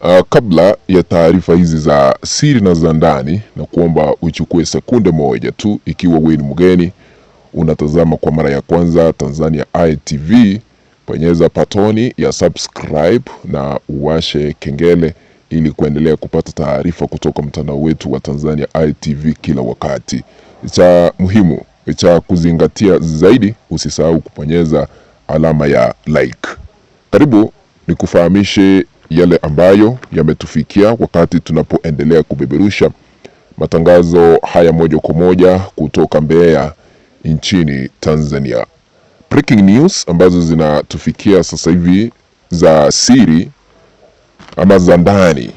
Uh, kabla ya taarifa hizi za siri na za ndani, na kuomba uchukue sekunde moja tu, ikiwa wewe ni mgeni unatazama kwa mara ya kwanza Tanzania Eye TV, bonyeza patoni ya subscribe na uwashe kengele ili kuendelea kupata taarifa kutoka mtandao wetu wa Tanzania Eye TV kila wakati. Cha muhimu cha kuzingatia zaidi, usisahau kubonyeza alama ya like. Karibu nikufahamishe yale ambayo yametufikia wakati tunapoendelea kubeberusha matangazo haya moja kwa moja kutoka Mbeya nchini Tanzania. Breaking news ambazo zinatufikia sasa hivi za siri ama za ndani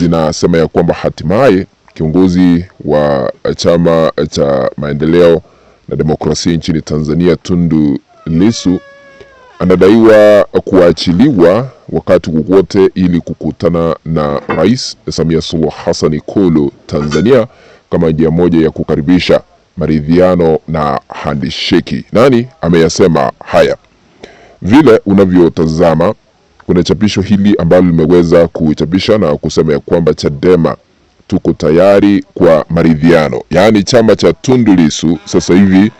zinasema ya kwamba hatimaye kiongozi wa Chama cha Maendeleo na Demokrasia nchini Tanzania Tundu Lissu anadaiwa kuachiliwa wakati wowote ili kukutana na Rais Samia Suluhu Hassan Ikulu Tanzania kama njia moja ya kukaribisha maridhiano na handisheki. Nani ameyasema haya? Vile unavyotazama kuna chapisho hili ambalo limeweza kuchapisha na kusema ya kwamba Chadema tuko tayari kwa maridhiano, yaani chama cha Tundu Lissu sasa hivi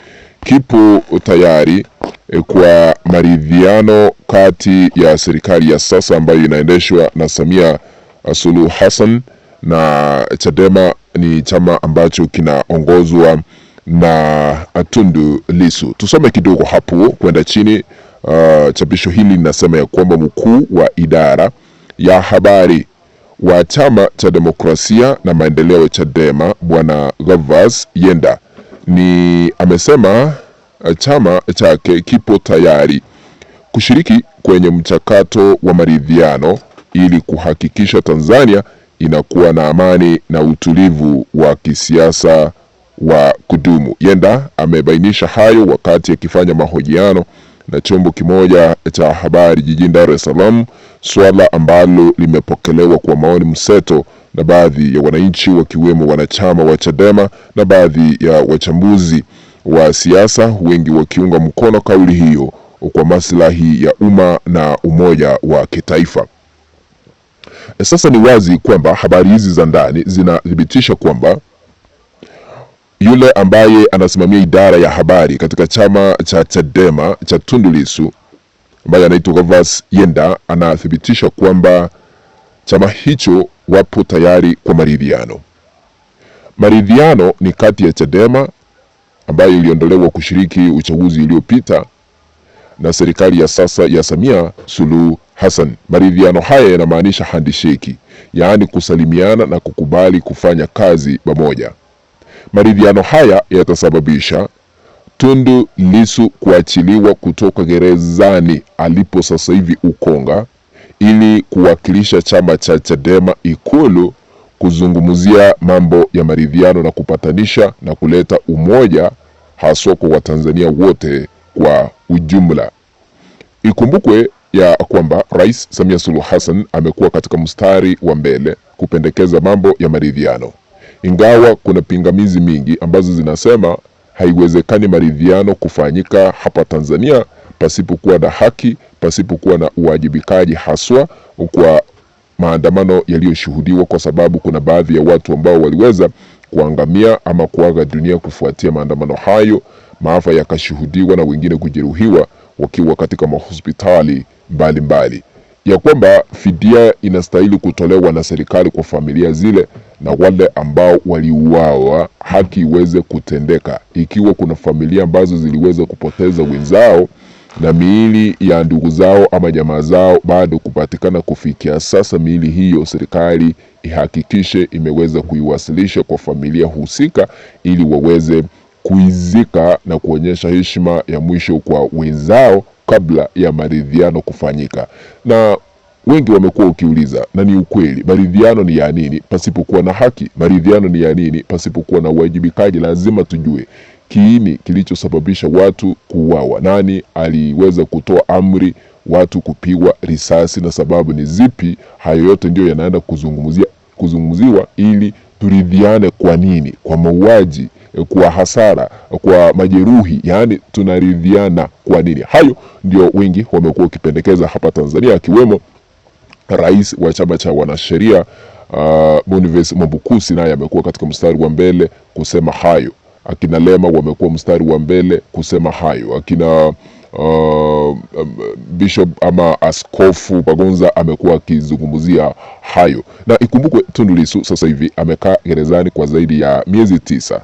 kipo tayari Eh, kwa maridhiano kati ya serikali ya sasa ambayo inaendeshwa na Samia eh, Suluhu Hassan na Chadema ni chama ambacho kinaongozwa na eh, Tundu Lisu. Tusome kidogo hapo kwenda chini. Uh, chapisho hili linasema ya kwamba mkuu wa idara ya habari wa chama cha demokrasia na maendeleo Chadema Bwana Gavas Yenda ni amesema Eh, chama chake kipo tayari kushiriki kwenye mchakato wa maridhiano ili kuhakikisha Tanzania inakuwa na amani na utulivu wa kisiasa wa kudumu. Yenda amebainisha hayo wakati akifanya mahojiano na chombo kimoja cha habari jijini Dar es Salaam, swala ambalo limepokelewa kwa maoni mseto na baadhi ya wananchi wakiwemo wanachama wa Chadema na baadhi ya wachambuzi wa siasa, wengi wakiunga mkono kauli hiyo kwa maslahi ya umma na umoja wa kitaifa. Sasa ni wazi kwamba habari hizi za ndani zinathibitisha kwamba yule ambaye anasimamia idara ya habari katika chama cha Chadema cha Tundu Lissu ambaye anaitwa Gervas Yenda anathibitisha kwamba chama hicho wapo tayari kwa maridhiano. Maridhiano ni kati ya Chadema ambayo iliondolewa kushiriki uchaguzi uliopita na serikali ya sasa ya Samia Suluhu Hassan. Maridhiano haya yanamaanisha handisheki, yaani kusalimiana na kukubali kufanya kazi pamoja. Maridhiano haya yatasababisha Tundu lisu kuachiliwa kutoka gerezani alipo sasa hivi Ukonga ili kuwakilisha chama cha Chadema Ikulu kuzungumzia mambo ya maridhiano na kupatanisha na kuleta umoja haswa kwa Watanzania wote kwa ujumla. Ikumbukwe ya kwamba Rais Samia Suluhu Hassan amekuwa katika mstari wa mbele kupendekeza mambo ya maridhiano, ingawa kuna pingamizi mingi ambazo zinasema haiwezekani maridhiano kufanyika hapa Tanzania pasipokuwa na haki, pasipokuwa na uwajibikaji haswa kwa maandamano yaliyoshuhudiwa kwa sababu kuna baadhi ya watu ambao waliweza kuangamia ama kuaga dunia kufuatia maandamano hayo. Maafa yakashuhudiwa na wengine kujeruhiwa wakiwa katika mahospitali mbalimbali, ya kwamba fidia inastahili kutolewa na serikali kwa familia zile na wale ambao waliuawa, haki iweze kutendeka. Ikiwa kuna familia ambazo ziliweza kupoteza wenzao na miili ya ndugu zao ama jamaa zao bado kupatikana kufikia sasa. Miili hiyo serikali ihakikishe imeweza kuiwasilisha kwa familia husika ili waweze kuizika na kuonyesha heshima ya mwisho kwa wenzao kabla ya maridhiano kufanyika. Na wengi wamekuwa ukiuliza, na ni ukweli, maridhiano ni ya nini pasipokuwa na haki? Maridhiano ni ya nini pasipokuwa na uwajibikaji? Lazima tujue kiini kilichosababisha watu kuuawa, nani aliweza kutoa amri watu kupigwa risasi na sababu ni zipi? Hayo yote ndio yanaenda kuzungumzia kuzungumziwa ili turidhiane, kwa nini kwa mauaji, kwa hasara, kwa majeruhi, yaani tunaridhiana kwa nini? Hayo ndio wengi wamekuwa wakipendekeza hapa Tanzania, akiwemo rais wa chama cha wanasheria uh, Boniface Mwabukusi naye amekuwa katika mstari wa mbele kusema hayo akina Lema wamekuwa mstari wa mbele kusema hayo, akina Uh, um, bishop ama askofu Bagonza amekuwa akizungumzia hayo, na ikumbukwe Tundu Lissu sasa hivi amekaa gerezani kwa zaidi ya miezi tisa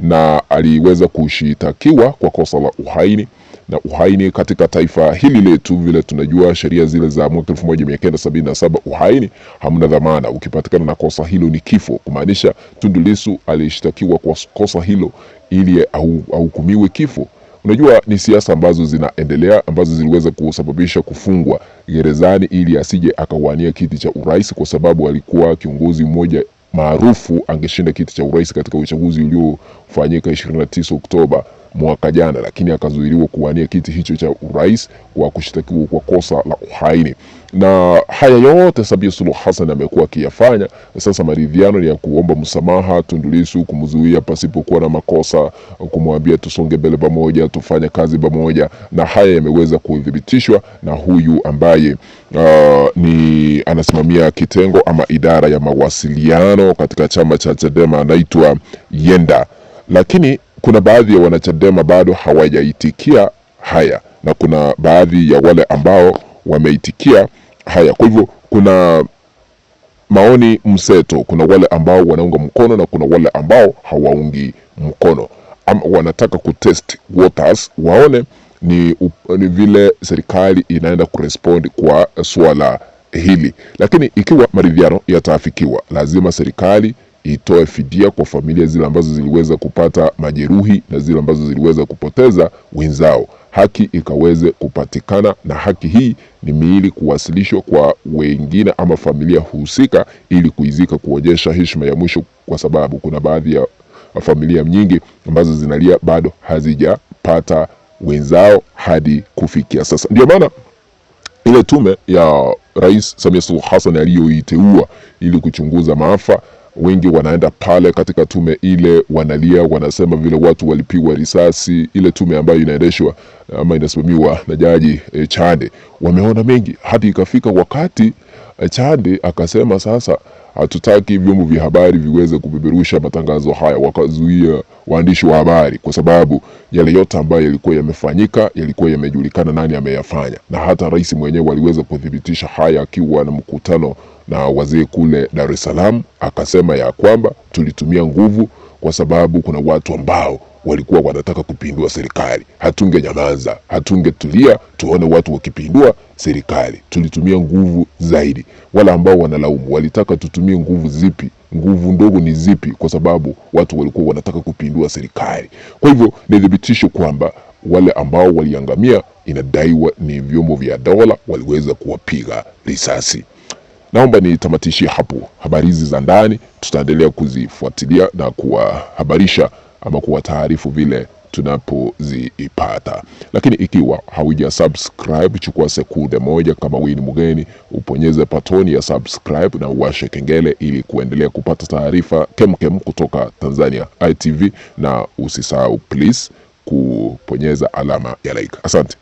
na aliweza kushitakiwa kwa kosa la uhaini na uhaini katika taifa hili letu. Vile tunajua sheria zile za mwaka uhai uhaini hamna dhamana, ukipatikana na kosa hilo ni kifo. Kumaanisha Tundu Lissu alishtakiwa kwa kosa hilo ili ahukumiwe kifo. Unajua, ni siasa ambazo zinaendelea ambazo ziliweza kusababisha kufungwa gerezani ili asije akawania kiti cha urais, kwa sababu alikuwa kiongozi mmoja maarufu angeshinda kiti cha urais katika uchaguzi uliofanyika 29 Oktoba mwaka jana, lakini akazuiliwa kuwania kiti hicho cha urais kwa kushtakiwa kwa kosa la uhaini. Na haya yote Samia Suluhu Hassan amekuwa akiyafanya. Sasa maridhiano ni ya kuomba msamaha Tundu Lissu, kumzuia pasipokuwa na makosa, kumwambia tusonge mbele pamoja, tufanye kazi pamoja, na haya yameweza kuthibitishwa na huyu ambaye uh, ni anasimamia kitengo ama idara ya mawasiliano katika chama cha Chadema anaitwa Yenda lakini kuna baadhi ya wanachadema bado hawajaitikia haya na kuna baadhi ya wale ambao wameitikia haya. Kwa hivyo kuna maoni mseto, kuna wale ambao wanaunga mkono na kuna wale ambao hawaungi mkono ama wanataka kutest waters waone ni, ni vile serikali inaenda kurespond kwa suala hili, lakini ikiwa maridhiano yataafikiwa, lazima serikali itoe fidia kwa familia zile ambazo ziliweza kupata majeruhi na zile ambazo ziliweza kupoteza wenzao, haki ikaweze kupatikana, na haki hii ni miili kuwasilishwa kwa wengine ama familia husika ili kuizika, kuonyesha heshima ya mwisho, kwa sababu kuna baadhi ya familia nyingi ambazo zinalia bado hazijapata wenzao hadi kufikia sasa. Ndio maana ile tume ya Rais Samia Suluhu Hassan aliyoiteua ili kuchunguza maafa wengi wanaenda pale katika tume ile, wanalia, wanasema vile watu walipigwa risasi. Ile tume ambayo inaendeshwa ama inasimamiwa na jaji e, Chande wameona mengi, hadi ikafika wakati e, Chande akasema sasa hatutaki vyombo vya habari viweze kupeperusha matangazo haya. Wakazuia waandishi wa habari, kwa sababu yale yote ambayo yalikuwa yamefanyika yalikuwa yamejulikana nani ameyafanya, na hata rais mwenyewe aliweza kuthibitisha haya akiwa na mkutano na wazee kule Dar es Salaam, akasema ya kwamba tulitumia nguvu kwa sababu kuna watu ambao walikuwa wanataka kupindua serikali. hatunge hatunge hatungetulia tuone watu wakipindua serikali. Tulitumia nguvu zaidi. Wale ambao wanalaumu walitaka tutumie nguvu zipi? Nguvu ndogo ni zipi? Kwa sababu watu walikuwa wanataka kupindua serikali. Kwa hivyo ni thibitisho kwamba wale ambao waliangamia, inadaiwa ni vyombo vya dola waliweza kuwapiga risasi. Naomba nitamatishie hapo. Habari hizi za ndani tutaendelea kuzifuatilia na kuwahabarisha ama kuwataarifu vile tunapoziipata lakini, ikiwa hauja subscribe, chukua sekunde moja, kama wewe ni mgeni, uponyeze patoni ya subscribe na uwashe kengele ili kuendelea kupata taarifa kemkem kutoka Tanzania ITV, na usisahau please kuponyeza alama ya like. Asante.